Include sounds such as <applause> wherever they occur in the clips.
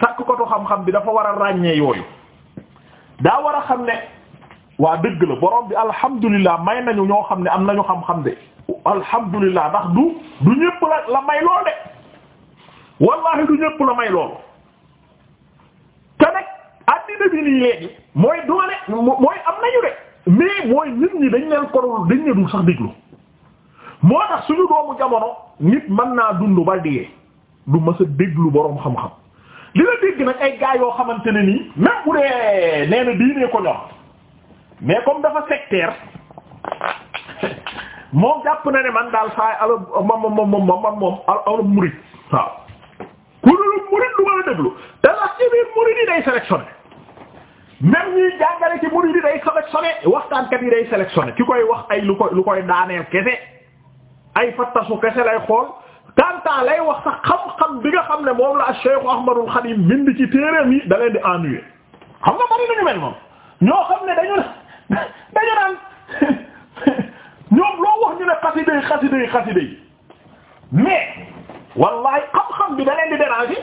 sàkkukatu xam-xam bi dafa war a ràññee yooyu daa war a xam ne waa dëgg la boroom bi alhamdulilah may nañu ñoo xam ne am nañu xam-xam de alhamdulilah ndax du du ñëpp la may lool de wallahi du ñëpp la may lool te nag addina bi nii léegi mooy doole mooy am nañu de mais mooy nit ñi dañ leen korol dañ ne dul sax déglu moo tax suñu doomu jamono nit mën naa dund ba dee du mës a déglu boroom xam-xam dina dégg nag ay gaa yoo xamante ne nii même bu dee nee na diinee ko ñor mais comme dafa sectaire <laughs> moom jàpp na ne man daal saay ala moom moom moom man moom ala murid waaw ku dul murid du ma la déglu te la ci biir murid yi day sélectionné même ñuy jàngale ci murid yi day sélectionné waxtaankat yi day sélectionné ki koy wax ay lu koy lu koy daaneel kese ay fattasu kese lay xool. tant lay wax sax xam-xam bi nga xam ne moom la Cheikh Ahmadul Khadim bind ci téereem yi daleen di ennuyer xam nga bari nañu mel noonu ñoo xam ne dañu <laughs> dañu naan <laughs> ñoom loo wax ñu ne xasiday xasiday xasiday mais wallahi xam-xam bi da leen di déranger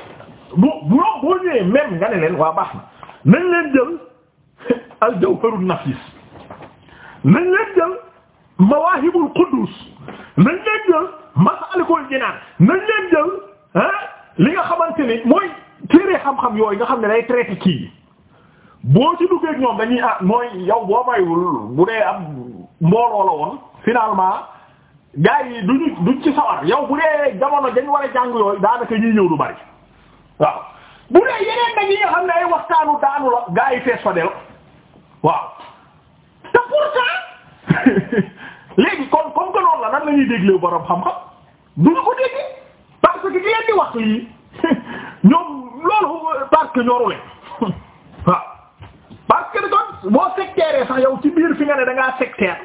bu bu boo ñëwee même nga ne leen waa baax na nañ leen jël <laughs> al jawharun nafis nañ leen jël mawahibul qudus nañ leen jël. Masaalikul Jinaan nañ leen jël ah li nga xamante ni mooy téere xam-xam yooyu nga xam ne day traité kii boo ci duggee ñoom dañuy a ah, mooy yow boo mayul bu dee am mbooloo la woon finalement gars yi duñu du ci sawar yow bu dee jamono dañ war a jàng yooyu daanaka ñuy ñëw du bari waaw bu dee yeneen nag yi nga xam ne ay waxtaanu daanu la gars yi fees fa del waaw te pourtant <laughs> léegi wala nan la ñuy déglee borom xam-xam duñu ko déggee parce que ki leen di wax lii <laughs> ñoom loolu parce que ñorule <laughs> waaw parce que kon boo sectaire sax yow ci fi nga ne da ngaa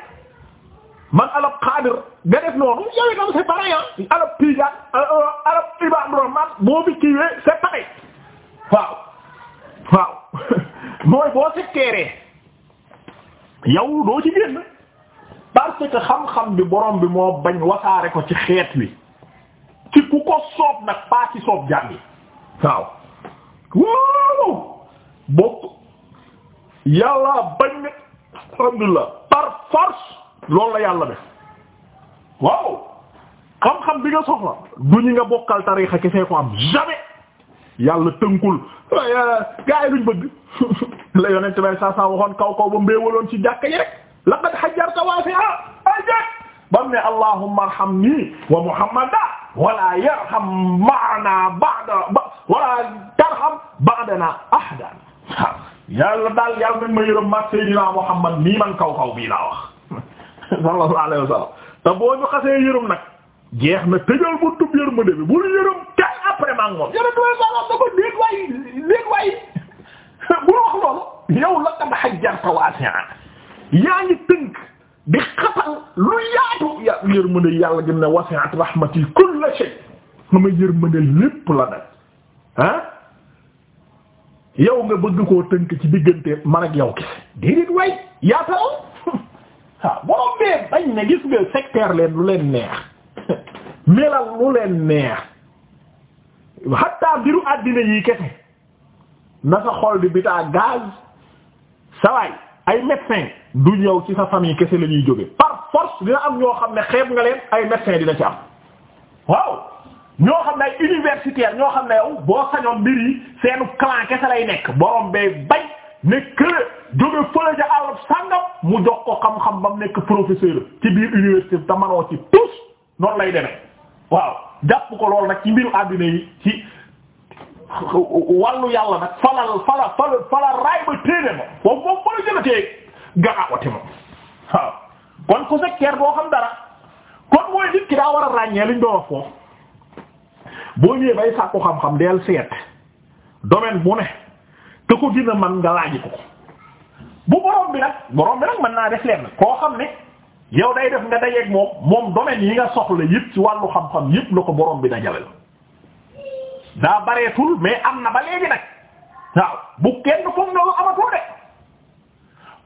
man alab xaadir nga noonu yow itam c'est pareil ah alab tijaan euh, euh, alab ibadu rahman boo bi kiiwee c'est pareil waaw waaw <laughs> boo sectaire yow doo ci parce que xam-xam bi boroom bi moo bañ wasaare ko ci xeet wi ci ku ko soob nag pas ci soob jàmm waaw bokk yàlla bañ ne alhamdulilah par force loolu la yàlla def waaw xam-xam bi nga soxla du ñu nga bokkal tariixa kese ko am jamais yàlla tënkul eh, eh, gaa yi luñ bëgg <laughs> la yonent bay saa saa waxoon kaw kaw ba mbéewaloon ci jàkka yi rek laqad hajjarta wasi'a ajak bam ne allahumma arhamni wa muhammada wala yarham ma'ana ba'da wala tarham ba'dana ahada yàlla daal yàlla nañ ma yërëm ma seydina muhammad mii man kaw kaw bii laa wax <laughs> sallallahu alayhi wa sallam te boo ñu xasee yërëm nag jeex na tëjal bu tub yërmande bi bul yërëm kenn après maa ngi moom yërëm dooy sallam da ko déet waay déet waay <laughs> bul wax loolu yow laqad hajjarta wasi'a yaa ngi tënk di xatal lu yaatu ya yërmande yàlla gën a wasi'at rahmati kulla shay sama yërmande lépp la nag ah yow nga bëgg koo tënk ci diggante man ak yow kese déedéet way yaatal waaw <laughs> borom bee bañ ne gis nga secteur leen lu leen neex <laughs> melal lu leen neex hatta biru àddina yi kese na sa xol di bitaa gaz sawaay ay médecin du ñëw ci sa famille kese la ñuy jóge par force dina am ñoo xam ne xeeb nga leen ay médecin dina ci am waaw ñoo xam ne ay universitaire ñoo xam ne yow boo sañoon mbir yi seenu clan kese lay nekk borom bay bay ne kële jóge fële ja sàngam mu jox ko xam-xam ba nekk professeur ci biir université te manoo ci tous noonu lay demee waaw jàpp ko loolu nag ci mbiru àddina yi ci wàllu yàlla nag falal fala fala fala raay ba téene ma foofu moom fala jëla garaawati moom waaw kon ku sekkeer boo xam dara kon mooy nit daa war a ràññee liñ doon wax foofu boo ñëwee bay sàkku xam-xam del seet domaine bu ne te ko dina man nga laaji ko bu borom bi nag borom bi nag mën naa def leen koo xam ne yow day def nga dajeeg moom moom domaine yi nga soxla yëpp ci wàllu xam-xam yëpp la ko borom bi dajale la daa bareetul mais am na ba léegi nag waaw bu kenn foog na amatul de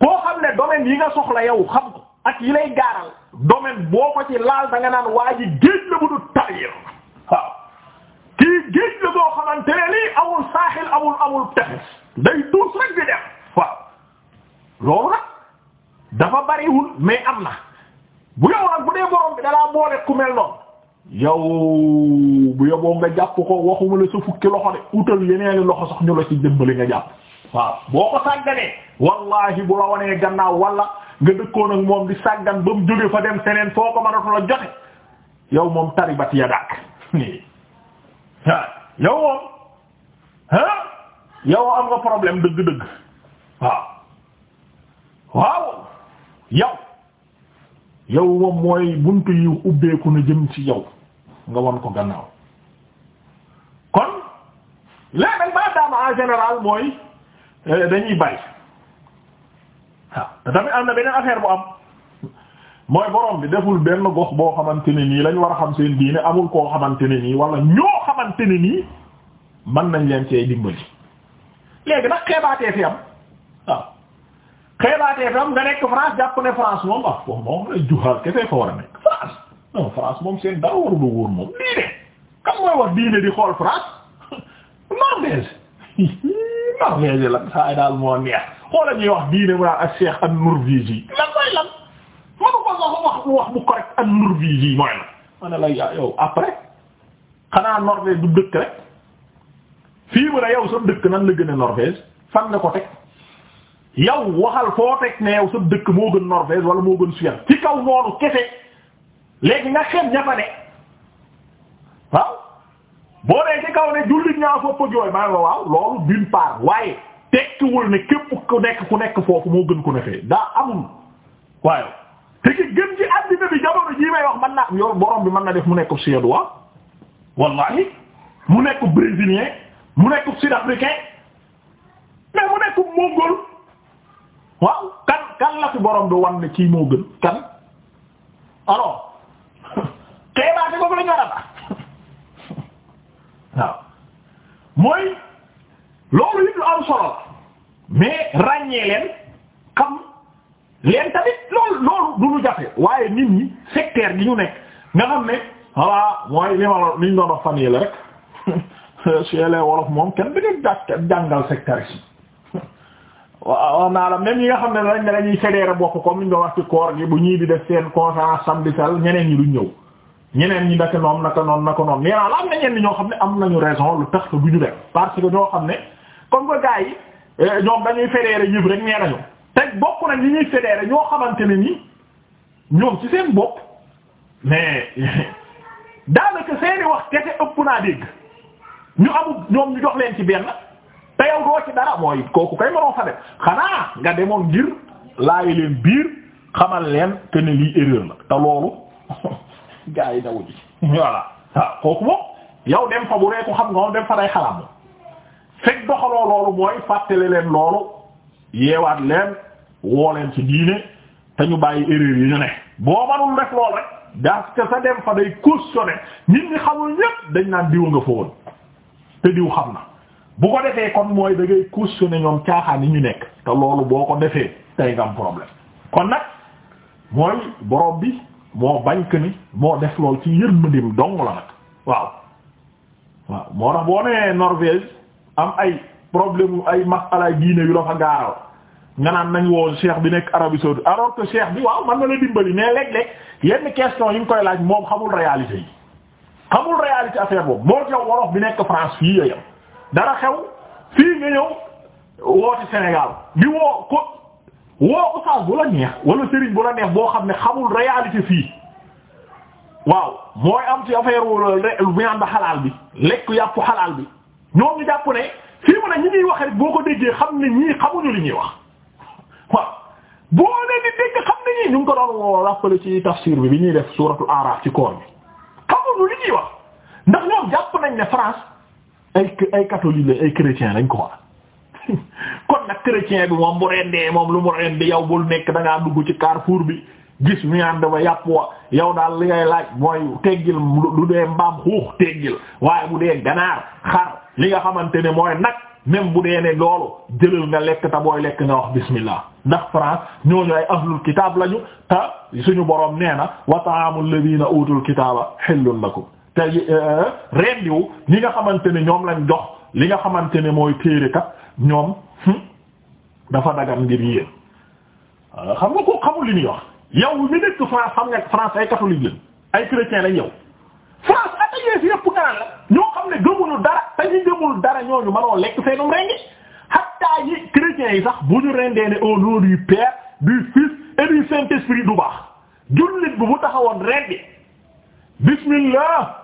koo xam ne domaine yi nga soxla yow xam ko ak yi lay gaaral domaine boo ko ci laal da nga naan waa ji géej la bu du tarir waaw kii géej la boo xamante ne saaxil amul amul tefes day tuus rek di dem waaw loolu nag dafa bariwul mais am na bu yow nag bu dee borom bi dalaa boole ku mel noonu yow bu yoboo nga jàpp ko waxuma la sa fukki loxo de utal yeneeni loxo sax ñu la ci dimbali nga jàpp waaw boo ko sàgganee wallahi bu la wonee gannaaw wala nga dëkkoon moom di sàggan ba mu jóge fa dem seneen foo ko mënatu la jote yow moom taribat yadak <laughs> yow moom ah yow am nga problème dëgg-dëgg waaw yow yow moom mooy buntu yi ubbeeku na jëm ci yow nga wan ko gannaaw kon léeg nag maa daama en mooy Eh, dañuy bari waaw ah. te tamit am na beneen affaire bu am mooy borom bi deful benn gox boo xamante ne nii lañ war a xam seen diine amul koo xamante ne nii wala ñoo xamante ne nii mën nañ leen cee dimbali léegi nag xeebaatee fi am waaw ah. xeebaatee fi am nga nekk France jàpp ne France moom ah foofu moom lay a nekk France moom seen dara warul a wóor moom diine kam mooy wax diine di xool France <laughs> norvège <laughs> ndax mais lan saa yi daal moo neex xoola ñuy wax diine mu ak Cheikh an-Nurvisi lan mooy lan manu ko sax wax wax bu correct an-Nurvisi mooy la ma ne la yow après xanaa Norvège du dëkk rek fii mu ne yow sa dëkk nan la gën a Norvège fan nga ko teg yow waxal foo teg ne yow sa dëkk moo gën Norvège wala moo gën Suède ci kaw noonu kese léegi nga xeeb ña fa ne waaw boo nee ci kaw ne jullit ñaa foppa jooy maa loolu d'une part waaye tekkiwul ne képp ku nekk ku nekk foofu moo gën ku ne daa amul waaye te ki gën ci àddina bi jamono jii may wax man naa yor borom bi mën na def mu nekk suédois wallahi mu nekk brésilien mu nekk sud-africain mais mu nekk mongol waaw kan kan la borom bi wan ne kii moo gën kan alors xeebaate <laughs> boobu la ñu war a waaw mooy loolu it lu am solo la mais ràññee leen xam leen tamit loolu loolu du lu jafe waaye nit ñi secteur gi ñu nekk nga xam ne voilà mooy li ma la li ñu doon wax fan yii la rek suyelee <laughs> wolof moom kenn du ngeen jàngal secteur si <laughs> waaw naa la même yi nga xam ne dañ ne dañuy fédéré bokk comme ni ñu doon wax ci koor gi bu ñii di def seen conférence samedi sal ñeneen ñi duñ ñëw. ñeneen ñi naka noonu naka noonu naka noonu mais am na ñenn ñoo xam ne am nañu raison lu tax bu ñu dem parce que ñoo xam ne kon que gars yi eh, ñoom dañuy fédéré yëpp rek nee nañu teg bokk nañ ñi ñuy fédéré ñoo xamante ne ni ñoom ci seen bopp mais <laughs> daanaka seeni wax kese ëpp naa dégg ñu amul ñoom ñu jox leen ci benn te yow doo ci dara mooy kooku kay mënoo fa def xanaa nga demoon ngir laaj leen biir xamal leen que ne lii la te loolu. <laughs> gaa yi daw ji voilà waaw kooku moom yow dem fa bu reeku xam nga moom dem fa day xaraam moom fekk doxaloo loolu mooy fàttale leen loolu yeewaat leen woo leen ci diine te ñu bàyyi erreur yi ñu ne boo manul rek lool rek parce que sa dem fa day cautionné nit ñi xamul ñépp dañ naan diw nga fa woon te diw xam na bu ko defee kon mooy da ngay cautionné ñoom caaxaan yi ñu nekk te loolu boo ko defee tey problème kon nag mooy borom bi moo bañ que ni moo def lool ci yërmandeem dong la nag waaw waaw moo tax boo nee Norvège am ay problème ay masala diine yu la fa gaaral nga naan nañ woo cheikh bi nekk Arabie saoudite alors que bi waaw mën na la dimbali mais léeg-léeg yenn question yi nga koy laaj moom xamul réalité yi xamul réalité affaire boobu moo jox wolof bi nekk France fii yooyam dara xew fii nga ñëw woote Sénégal bi woo ko woo ustaas bu la neex wala la neex boo xam ne xamul réalité fii waaw mooy am ci affaire viande xalaal bi lekk yàpp xalaal bi ñoom ñu jàpp ne fii mu ne ñi ñuy wax rek boo ko déggee xam ne ñii xamuñu li ñuy wax <laughs> waaw boo leen xam ne ñii ñu ngi ko doon woo rappelé ci tafsir bi bi ñuy def suratul araf ci koor bi xamuñu li ñuy wax ndax ñoom jàpp nañ ne France ay ay ay chrétien lañ ko <laughs> kon nag chrétien bi moom bu rendee moom lu mu rendi yow bul nekk dangaa ngaa dugg ci carrefour bi gis viande ba yàpp wa yow daal li ngay laaj mooy teggil lu dee mbaam xuux teggil waaye bu dee ganaar xar li nga xamante ne mooy nag même bu dee ne loolu jëlal nga lekk te booy lekk nga wax bismillah ndax France ñooñu ay ahlul kitaab lañu te suñu borom nee na wa ta'amul ladina utul kitaaba hillun lakum te eh, rendiwu ñi nga xamante ne ñoom lañ jox li nga xamante ne mooy téere ñoom hmm, dafa dagan ngir yéen euh, xam nga ko xamul li ñuy wax yow mi nekk France xam nga France ay catholique lañ ay chrétien lañ yow France attaqué si yëpp ngaan la ñoo xam ne gëmulu dara te ñu gëmul dara ñooñu mënoo lekk seenum rengi xattaa yi chrétiens yi sax bu ñu rendee ne au nom yu Père du Fils et du Saint-Esprit du baax jullit bu bu taxawoon rendi bismillah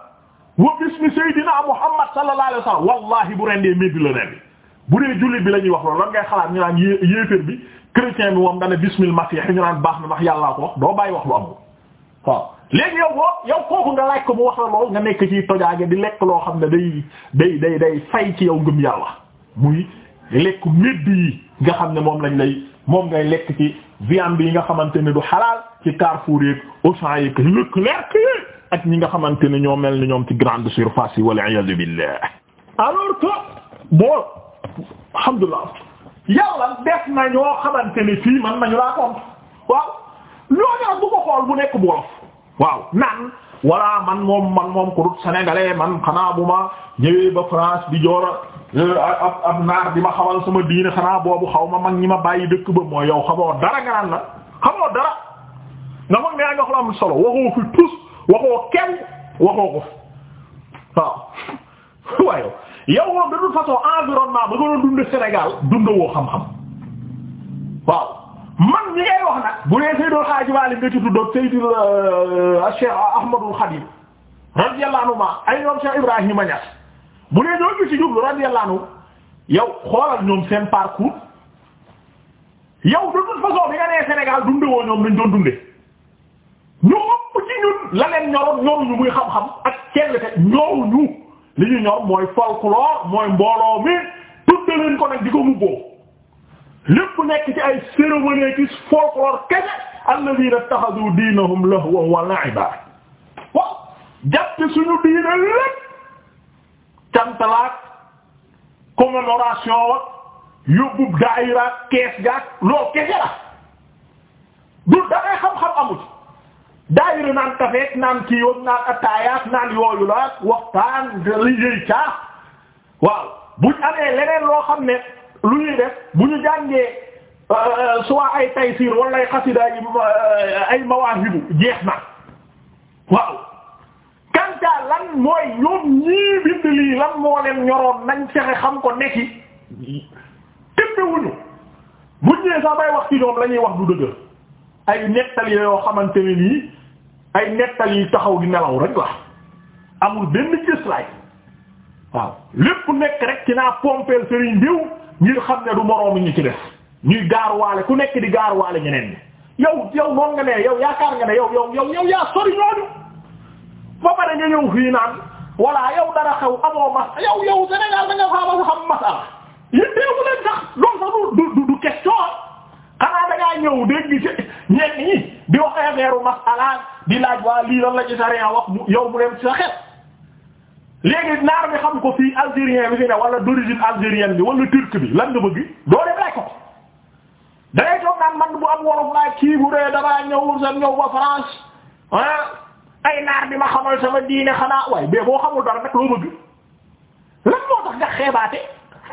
wa bismi sayyidina Muhammad sallallahu alayhi wasallam wallahi bu rendee médi la bu dee jullit bi la ñuy wax loolu lan ngay xalaat ñu naan yé yéeféer bi chrétien bi moom nga ne bismil masiix ñu naan baax na ndax yàllaa ko wax doo bàyyi wax lu amul waaw. léegi yow boo yow kooku nga laaj ko mu wax la lool nga nekk ci tojaage di lekk loo xam ne day day day day fay ci yow ngëm yàlla muy lekk medd yi nga xam ne moom lañ lay moom ngay lekk ci viande yi nga xamante ne du xalaal ci Carrefour yeeg Auchan yeeg Leclerc ak ñi nga xamante ne ñoo mel ni ñoom ci grande surface yi wal iyaazu billah alors alhamdulilah yàlla def na ñoo xamante ni fii man laa compte waaw ñooñu bu ko xool bu nekk bu wolof waaw naan walla man moom man moom ku dul sénégalais man xanaa bu ma ñëwee ba France di joor euh, ab naar di ma xawal sama diine xanaa boobu xaw ma man ñi ma bàyyi dëkk ba mooy yow xamoo dara nga naan la xamoo dara nga moom yaa nga xool am solo waxoo fi tus waxoo kenn waxoo ko waaw <laughs> waaye yow moom de toute façon environnement ba nga doon dund Sénégal dund woo xam-xam waaw man ñi ngay wax bu dee Seydou Hadji Malick nga ci tuddoon Seydou euh, Cheikh Ahmadul Khadim radiyallahu anhu ma ay ñoom Cheikh Ibrahima Niass bu dee ñoo ngi ci jublu radiyallahu anhu yow xoolal ñoom seen parcours yow de toute façon bi nga nee Sénégal dunde woo ñoom nañ doon dunde ñu ëpp ci ñun la leen ñoroon ñoruñu muy xam-xam ak kenn te ñoruñu. li ñu ñor mooy folklore mooy mbooloo mi tudde leen ko nag di ko mubboo lépp nekk ci ay cérémonie ci folklore kese alladhina ittakhadhu diinahum lahwan wa la'iba waaw jàppe suñu diine lépp cantalaat commémoration wa yóbbub daayira kees gaak loolu kese la du dangay xam-xam amu ci daayira naan kafeek naan kii yoon naan attaayaat naan yooyu la waxtaan liggéey caax waaw buñ amee leneen loo xam ne lu ñuy def bu ñu jàngee euh, soit ay taysiir wala ay xasida euh, ay mawaahibu jeex na waaw kanta lan mooy ñoom ñii bind lii lan moo leen ñoroon nañ fexe xam ko nekki téppewuñu buñ ñee sax bay wax ci ñoom la wax du dëgg ay nettali yoo xamante ne nii ay nettali yu taxaw di nelaw rek la amul benn gëslaay waaw lépp nekk rek ci naa pompeel sëriñ diw ngir xam ne du moroomi ñu ci def ñuy gaarwaale ku nekk di gaarwaale ñeneen ñi yow yow noon nga ne yow yaakaar nga ne yow yow yow yow yaa sori ñooñu ba pare nga ñëw fii naan walla yow dara xew amoo mas yow yow Sénégal da nga faama sa xam masala yéen teewu leen sax loolu du du du question xanaa da ngaa ñëw dégg ci ñenn ñi di wax affaire masala di laaj waa lii la ci wax yow mu dem ci sa xel léegi naar bi xam ko fii algérien bi fi ne wala d'origine algérienne bi wala turc bi lan nga bëgg doo dem laaj ko ko toog naan man bu am wolof laa kii bu dee damaa ñëwul sa ñëw ba France ay naar bi ma xamal sama diine xanaa waaye bee boo xamul dara nag loo bëgg lan moo tax nga xeebaate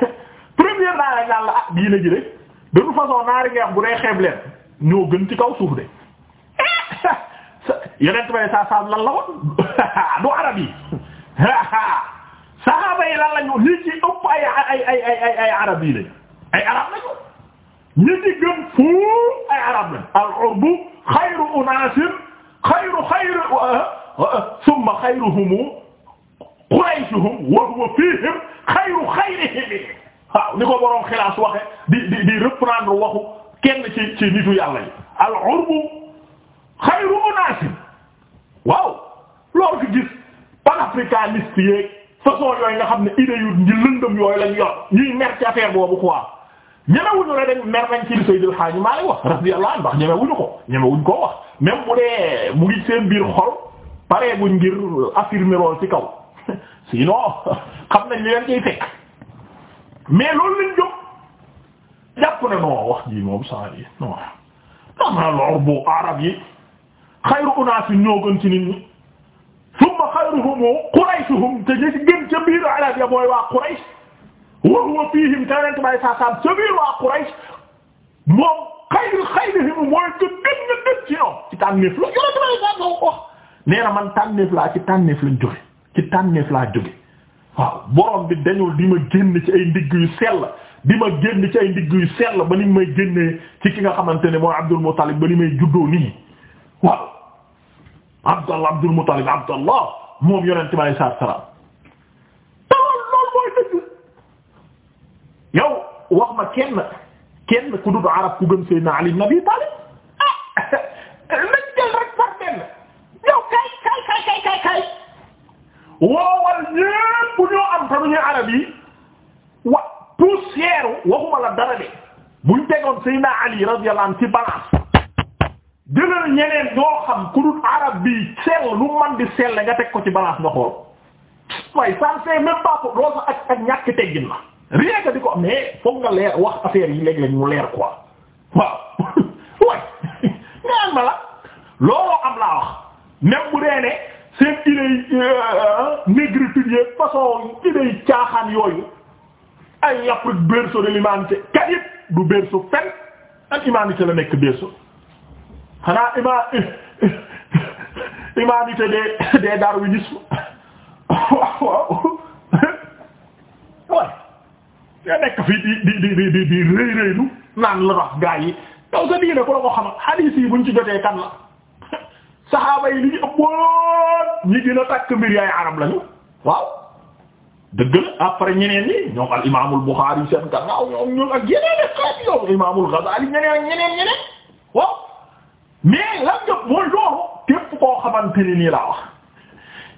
<laughs> première naa la ñaan la ah diine ji de toute façon naari bu dee xeeb leen ñoo gën ci kaw suuf de <laughs> yonent bay saa saam lan la woon <laughs> du arab yi <laughs> saxaaba yi ay ay ay arab yi lañu ay arab lañu ñi ci gëm fuuf ay arab lañu al-urbu xayru unaasin xayru xayru summa xayruhum qurayshuhum wa huwa fiihim xayru xayrihim waaw ni ko boroom xilaas waxe di di di reprendre waxu kenn ci ci nitu yàlla yi al urbu xayru unaasin waaw loolu fi gis panafricaniste yeeg façon yooyu nga xam ne idée yu ñi lëndëm yooyu lañ yor ñuy mer ci affaire boobu quoi ñemewuñu la dañ mer nañ ci li Seydil Hadji Malick wax radiyallahu anhu wax ñemewuñu ko ñemewuñ koo wax même bu dee mu ngi seen biir xol paree buñ ngir affirmer lool ci kaw <laughs> sinon <laughs> xam nañ li ciy fekk mais loolu lañ jóg jàpp ne wax ji moom saa yi non dama lor bu arab yi xayru unaas yi gën ci nit ñi summa xayruhum qurayshum te ñi ci gën ca biir arab ya mooy waa quraysh wa huwa fiihim te rent bay saa saam ca biir waa quraysh moom mooy gën gën ci ñoom ci tànneef la yonent bay saa wax nee man tànneef laa ci tànneef lañ jóge ci tànneef laa jóge waaw ah, borom bi dañul di ma génn ci ay ndigg yu sell di ma génn ci ay ndigg yu sell ba ni may génnee ci ki nga xamante ne mooy Abdul Muttalib ba ni may juddoo nii waaw Abdallah Abdul Muttalib Abdallah moom yonente bi alei yow wax ma kenn kenn ku arab ku gëm Seydina Ali ibn Abi Talib ah nañ <laughs> jël rek par benn yow kay kay kay kay kay kay famille arab yi wa poussière waxuma la dara de buñ tegoon Seydina Ali radiyallahu anhu ci balance jëlal ñeneen ñoo xam ku dul arab bi sell lu man di sell nga teg ko ci balance nga xool waaye ça c'est même pas pour loolu sax ak ak ñàkk teggin la rien que di ko mais foog nga leer wax affaire yi léeg-léeg mu leer quoi waaw <laughs> waay ñaan <laughs> ma la looloo am laa wax même bu dee seen idée négritude euh, yeeg façon idée caaxaan yooyu ay yàqu berceau de l'humanité kat it du berceau fenn ak humanité la nekk berceau xanaa ima humanité des des darwinisme waaw waaw waaw nga nekk fii di di di di di rëy rëylu naan la wax gaa yi yow sa diine ko la ko xamal hadith yi buñ ci jotee kan la saxaaba yi li ñu ëpp ñi gën a takk mbir yaay arab lañu waaw dëgg la après ñeneen ñi ñoom al imaamul Buxaari seen gannaaw ñoom ñun ak yeneen xaaj ñoom imaamul Gazaali ñeneen ak ñeneen ñeneen waaw mais lan nga mooy loolu képp koo xamante nii laa wax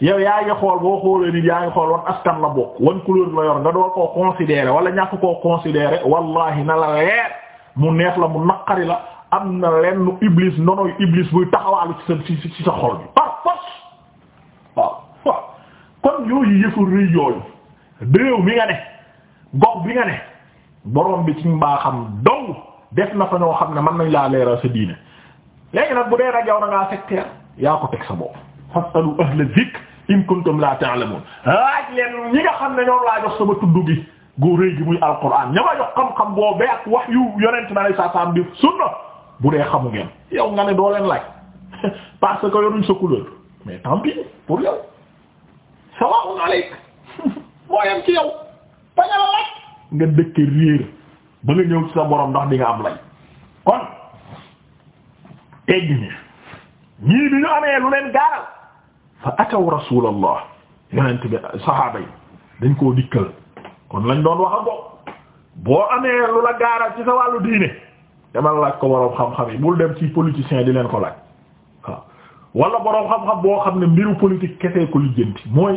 yow yaa ngi xool boo xoolee nit yaa ngi xool wan askan la bokk wan couleur la yor nga doo koo considérer wala ñàkk koo considérer wallahi na la leer mu neex la mu naqari la am na lenn iblis nonoy iblis buy taxawaalu ci sa ci sa xol bi par kon yooyu yëfu rëy yooyu réew mi nga ne gox bi nga ne borom bi ci mbaaxam dong def na fa ñoo xam ne man nañ laa leeral sa diine léegi nag bu dee nag yow na ngaa sectaire yaa ko teg sa bopp fasalu ahla zikr in kuntum la ta'lamun laaj leen ñi nga xam ne ñoom laa jox sama tudd gi gu rëy gi muy alquran ña ma jox xam-xam boobee wax yu yonent na lay saa saam bi sunna bu dee xamu ngeen yow nga ne doo leen laaj <laughs> parce que yoruñ sa couleur mais tant salamun aleyk mooyam ci yow baña la laaj nga dëkke réer ba nga ñëw ci sa borom ndax di nga am lay kon tegg ñi bi ñu amee lu leen gaaral fa ataw rasulallah yonent bi sahaaba yi dañ koo dikkal kon lañ doon wax a bop boo amee lu la gaaral ci sa wàllu diine demal laaj ko borom xam-xam yi bul dem ci politicien di leen ko laaj wala boroom xam-xam boo xam ne mbiru politique kesee ko lijjanti mooy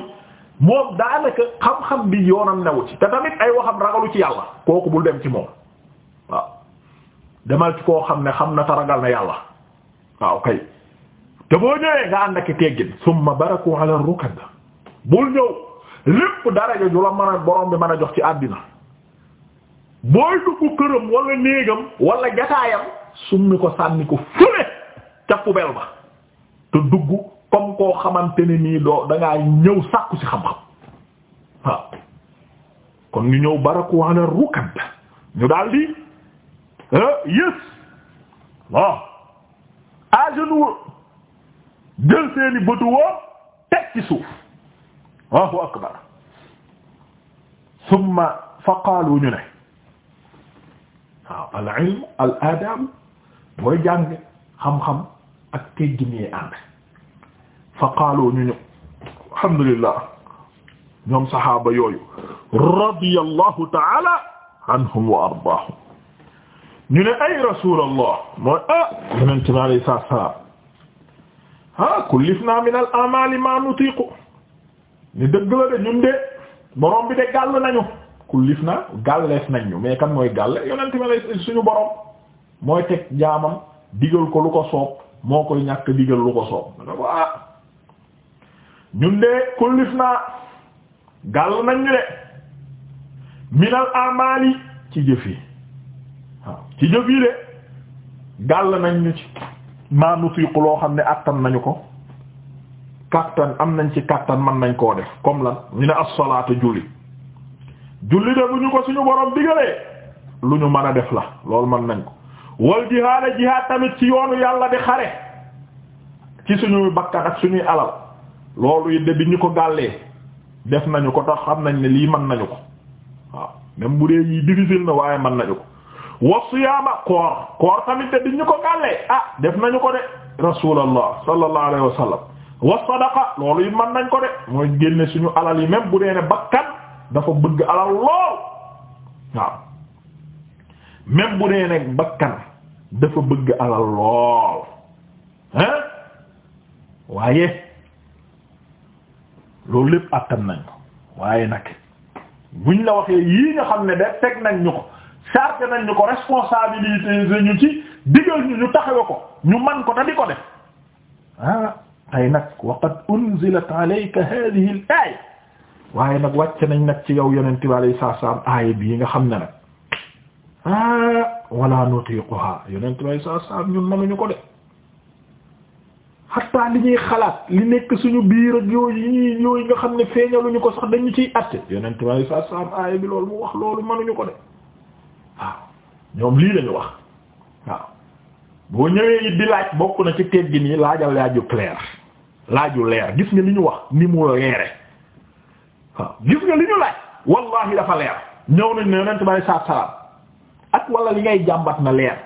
moom daanaka xam-xam bi yoonam newu ci te tamit ay waxam ragalu ci yàlla kooku bul dem ci moom waaw demal ci koo xam ne xam na te ragal na yàlla waaw kay te boo ñëwee nga ànd ak teggin summa baraku ala rukad bul ñëw lépp daraja ju la mën a borom bi mën a jox ci àddina booy dugg këram wala néegam wala jataayam summi ko sànni ko fële ca poubelle ba te dugg comme koo xamante ne nii doo dangaa ñëw sàkku ci xam-xam waaw kon ñu ñëw baraku ala rukab ñu daal di yës bon agenu jël seeni bëtu woo teg ci suuf Allahu akbar summa fa qaalu ñu ne waaw al ilm al adab mooy jàng xam-xam ak teggin yi ànd fa ñu ñu alhamdulillah ñoom saxaaba yooyu radiyallahu taala anhum wa ardaahum ñu ne ay rasulallah mooy ah yonente bi alayhi salaatu wa salaam ah min al a'maali maa nutiiqu ni dëgg la de ñun de borom bi de gàll nañu kullifnaa gàllees nañ ñu mais kan mooy gàll yonente bi alayhi suñu borom mooy teg jaamam digal ko lu ko soob moo koy ñàkk digal lu ko soob ne ko ah, ñun de kullif naa gàll nañ ñu de minal amali ci jëf waaw ci jëf de gàll nañ ñu ci maa nutiiqu loo xam ne attan nañu ko kàttan am nañ ci kàttan mën nañ koo def comme la ñu ne as-salaatu julli julli de ko suñu borom digalee lu ñu mën a def la loolu mën nañ ko wal jihaada jihaad tamit ci yoonu yàlla di xare ci suñuy bakkan ak suñuy alal loolu it de bi ñu ko gàllee def nañu ko tax xam nañ ne lii man nañu ko waaw même bu dee yi difficile na waaye mën nañu ko wa siyaama koor koor tamit de bi ñu ko gàllee ah def nañu ko de rasulallah sallallahu alayhi wa wax wa sadaqa loolu it mën nañ ko de mooy génne suñu alal yi même bu dee ne bakkan dafa bëgg alal lool waaw même bu dee ne bakkan dafa bëgg alal lool hein waaye loolu lépp àttan nañ ko waaye nag buñ la waxee yii nga xam ne de teg nañ ñu ko chargé nañ ñu ko responsabilité ñu ci digal ñu ñu taxawe ko ñu man ko te ko def ah tey nag wa qad unzilat alayka hadhihi al waaye nag wàcc nañ nag ci yow yonent bi alayhi salaam aaya bii nga xam ne nag ah, wala nutiquha yonent bay saa saam ñun manuñu ko de xatta li ñuy xalaat li nekk suñu biir ak yooyu yooyu nga xam ne feeñaluñu ko sax dañu ciy atte yonent bay saa saam aaya bi loolu mu wax loolu manuñu ko de waaw ñoom lii lañu wax waaw boo ñëwee it di laaj bokk na ci teggin yi laajal laaju clair laaju leer gis nga li ñu wax ni mu leere waaw gis nga li ñu laaj wallahi dafa leer ñëw nañ ne yonent bay saa saam jàmbat wala li ngay jàmbat na leer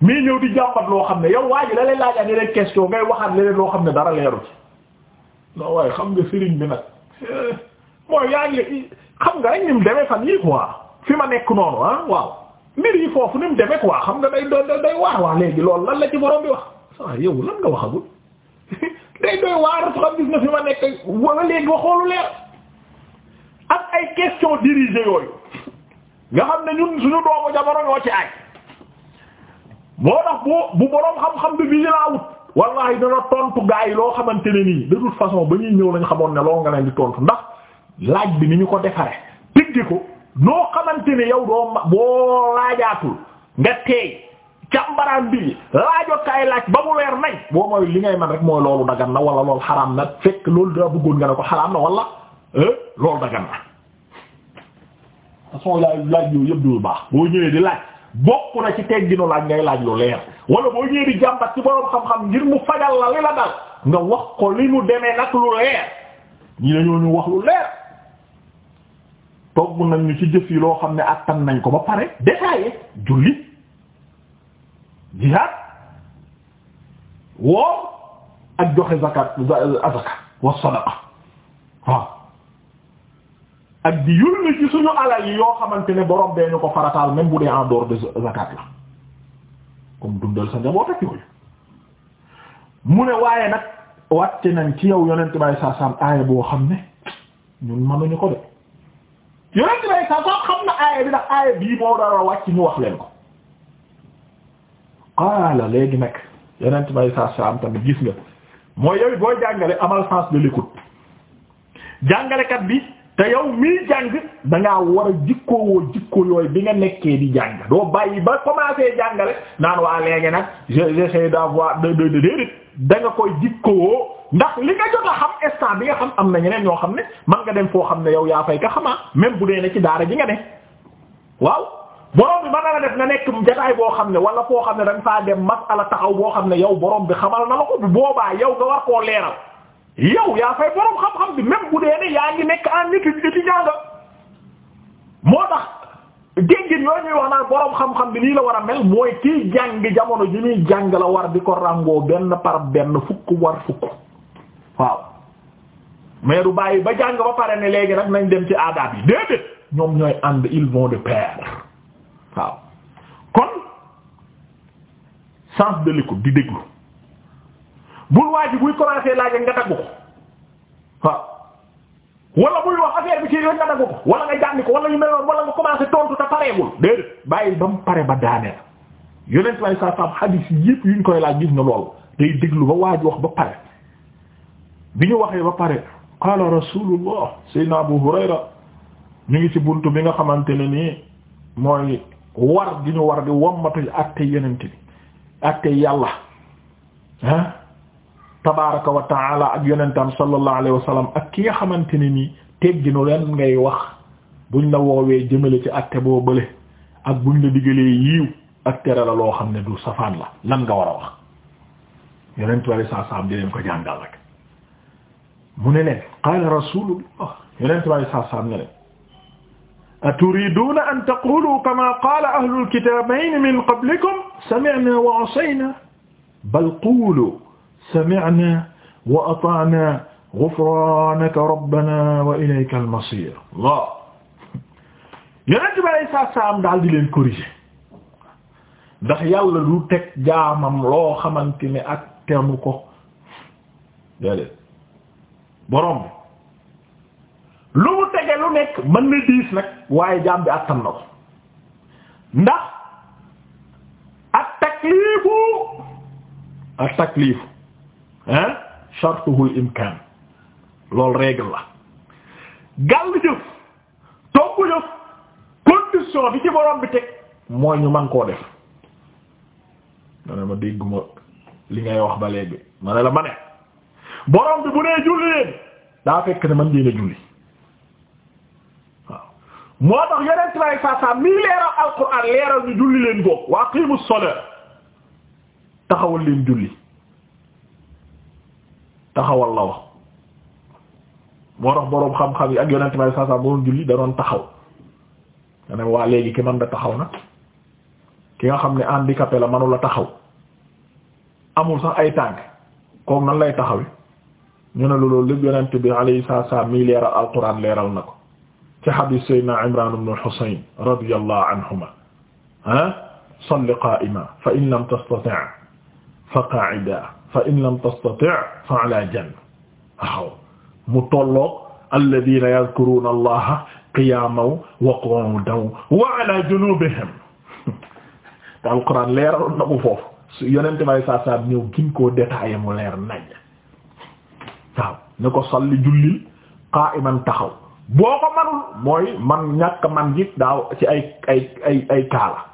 mais ñëw di jàmbat loo xam ne yow waa ji la lay laaj ak yeneen question ngay waxaat leneen loo xam ne dara leeru ci non waaye xam nga sëriñ bi nag eh, mooy yaa ngi xam nga rek ni mu demee fan yii quoi fi ma nekk noonu ah waaw mbir yi foofu ni mu demee quoi xam nga day doy day waar waa léegi loolu lan la ci borom bi wax ah yow lan nga waxagul <laughs> day doy waar xam gis na fi ma nekk wala léegi waxoolu leer ak ay question dirigée yooyu. nga xam ne ñun suñu doomu jamono ñoo ci ay moo tax bu bu boroom xam-xam bi bi laa wut wallahi dana tontu gaa yi loo xamante ne nii de façon ba ñuy ñëw lañ xamoon ne loo nga leen di tontu ndax laaj bi ni ñu ko defaree tëggi ko noo xamante ne yow boo laajaatul nga teey càmbaraan bi laajot ka ay laaj ba mu weer nañ boo mooy li ngay man rek mooy loolu dagan na wala loolu xaraam na fekk lool daa bëggoon nga ne ko xaraam na wala eh, loolu dagan façon laaj laaj yooyu yëpp du baax boo ñëwee di laaj bokk na ci tegginu laaj ngay laaj lu leer wala boo ñëwee di jàmbat ci boroom xam-xam ngir mu fajal la li la nga wax ko li mu demee nag lu leer ñi dañoo ñu wax lu leer togg nañ ñu ci jëf yi loo xam ne attan nañ ko ba pare détaillé julli jihaad woor ak joxe zakat azaka wa sadaqa ak di yónni ci suñu alal yi yoo xamante ne borom bee ñu ko farataal même bu dee en door de zakat la comme dundal sa njaboot ak yooyu mu ne waaye nag wàcc nañ ci yow yonent bay saa aaya boo xam ne ñun mënuñu ko de yonent bay saa aaya bi ndax aaya bii moo dara wàcc ñu wax leen ko qaala léegi nag yonent bay saa tamit gis nga mooy yow booy jàngale amal sens de l'écoute jàngalekat bi te yow mii jàng da war a jikkoowoo jikko yooyu bi nga nekkee di jàng doo bàyyi ba commencé jàng naan waa léegi nag j'essaie da nga koy jikkoowoo ndax li nga jot a xam instant bi nga xam am na ñeneen ñoo xam ne man nga dem foo xam ne yow yaa fay ka xamaa même bu dee ne ci daara bi nga ne waaw borom bi mën na la def nga nekk jataay boo xam ne wala foo xam ne da nga faa dem masala taxaw boo xam ne yow borom bi xamal na la ko bu boobaa yow nga war koo leeral. yow yaa fay borom xam-xam bi même bu dee ne yaa ngi nekk en étude étudiant nga moo tax déggin yooyu ñuy wax naan borom xam-xam bi nii la war a mel mooy kiy jàng jamono ji ñuy jàng la war di ko ràngoo benn par benn fukk war fukk waaw mais du bàyyi ba jàng ba pare ne léegi nag nañ dem ci aadaab yi déedéet ñoom ñooy ànd ils vont de pair waaw kon sens de l'écoute di déglu bul waa ji buy commencer laaj nga dagg ko waaw wala buy wax affaire bi ci rek nga dagg ko wala nga jànni ko wala ñu mel noonu wala nga commencer tontu te pareegul déedéet bàyyi ba mu pare ba daaneel yonent way sa sam hadith yi yëpp yuñ koy laaj gis nga loolu day déglu ba waa ji wax ba pare bi ñu waxee ba pare qala rasulullah sayyidina abu hurayra ñu ngi ci bunt bi nga xamante ne nii mooy war di ñu war di wommatu àtte yonent bi àtte yàlla ah tabaraka wa taala ak yonentam sallallahu alayhi wa ak ki nga xamante ni nii tegginu leen ngay wax buñ la woowee jëmale ci atte boo bële ak buñ la diggalee yiiw ak tere la loo xam ne du safaan la lan nga war a wax yonent bi alayhi salaatu salaam di ko jàngal rek mu ne leen qaala rasulullah yonent bi alayhi ne leen aturiduuna an taqulu kama qaala ahlul kitaabayni min qablikum sami'na wa bal qulu sami'na wa ata'na ghufranaka rabbana wa ilayka Allah yonent bi alayhi salaatu salaam daal di leen corriger ndax yàlla du teg jaamam loo xamante ne ak temu ko déedéet borom bi lu lu nekk mën na diis nag waaye jaam bi attan na ko ndax takliifu at takliifu ah shartuhul imkaan loolu règle la gàll jëf togg jëf condition bi ci borom bi teg mooy ñu man koo def ma ne ma dégguma li ngay wax ba léegi ma ne la ma ne borom bi bu nee julli leen daa fekk ne man dina julli waaw moo tax yeneen tray saa mii leeral alquran leeral ñu julli leen ko waa qiimu salaa taxawal leen julli taxawal la wax moo tax boroom xam-xam yi ak yonent bi saa saa boroom julli da doon taxaw nga ne waa léegi ki man da taxaw nag ki nga xam ne handicapé la manula taxaw amul sax ay tànk kook nan lay taxawi ñu ne lu loolu lépp yonent bi alayhi salaatu salaam mii leeral alquran leeral na ko ci xadiis sayyidina Imraan ibn Husayn radiyallahu anhuma ah salli qaa'ima fa in lam tastati' fa qaa'ida fa in lam tastati' fa ala janb waaw mu tolloog alladina yadhkuruna allaha qiyaman wa qu'udan wa ala junubihim <laughs> te alquran leeraloon na ko foofu su yonente may saa saa ñëw gin koo détaillé mu leer nañ waaw ko salli julli qa'iman taxaw boo ko manul mooy man ñàkk man gi daaw ci ay ay ay ay kaala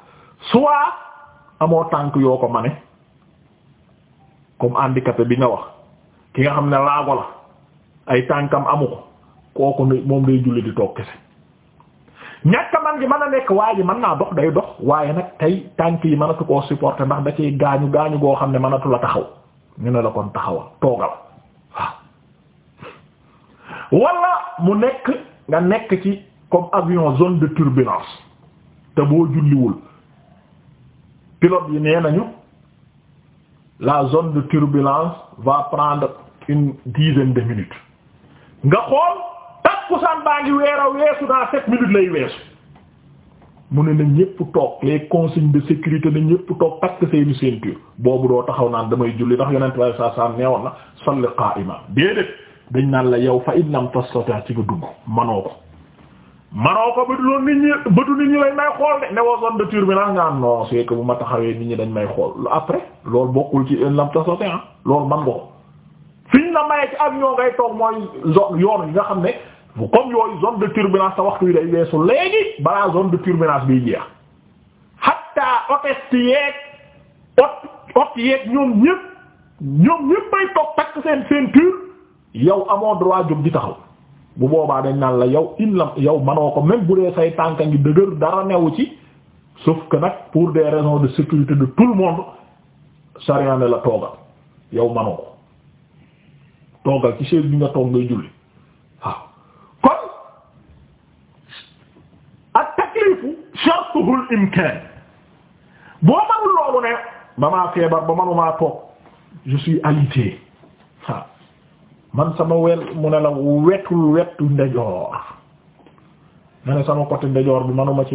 soit amoo tànk yoo ko mane comme handicapé bi nga wax ki nga xam ne laago la ay tànkam amu ko kooku moom day julli di toog kese ñàkk gi mën a nekk waa ji mën naa dox day dox waaye nag tey tànk yi mënatu koo supporter ndax da ciy gaañu gaañu goo xam ne mënatu la taxaw ñu ne la kon taxawal toogal waaw wala mu nekk nga nekk ci comme avion zone de turbulence te boo julliwul pilote yi nee nañu la zone de turbulence va prendre une dizaine de minutes nga xool takkusaan baa ngi weer a weesu dans sept minutes lay weesu mu ne na ñépp toog les consignes de sécurité na ñépp toog takk seeni ceinture boobu doo taxaw naan damay julli ndax yonent waaye saa saa neewoon na salli qaa'ima déedéet dañ naan la yow fa in lam tastati ci nga dugg manoo ko manoo ko bëtu loon nit ñi bëtu nit ñi lañ may xool de ne zone de turbulence nga am non c'est que bu ma taxawee nit ñi dañ may xool après loolu bokkul ci lam tasote ah loolu man ngoo fiñ la maye ci avion ngay toog mooy zone yi nga xam ne comme yooyu zone de turbulence te waxtu yi day weesu léegi balaa zone de turbulence biy jeex hatta hôtesse yeeg hôte hôte yeeg ñoom ñëpp ñoom ñëpp toog takk seen ceinture yow amoon droit jóg di taxaw bu boobaa dañ naan la yow illa yow manoo ko même bu dee say tànka ngi dëgër dara newu ci sauf que nag pour des raisons de sécurité de tout le monde sariya ne la toogal yow manoo ko toogal ci chaise bi nga toog ngay julli waaw kon ak taklifu shartuhul imkan boo manul loolu ne damaa feebar ba manumaa toog je alité man sama wel mu ne la wetul wetu ndejoor ma ne sama côté ndejoor bi manuma ci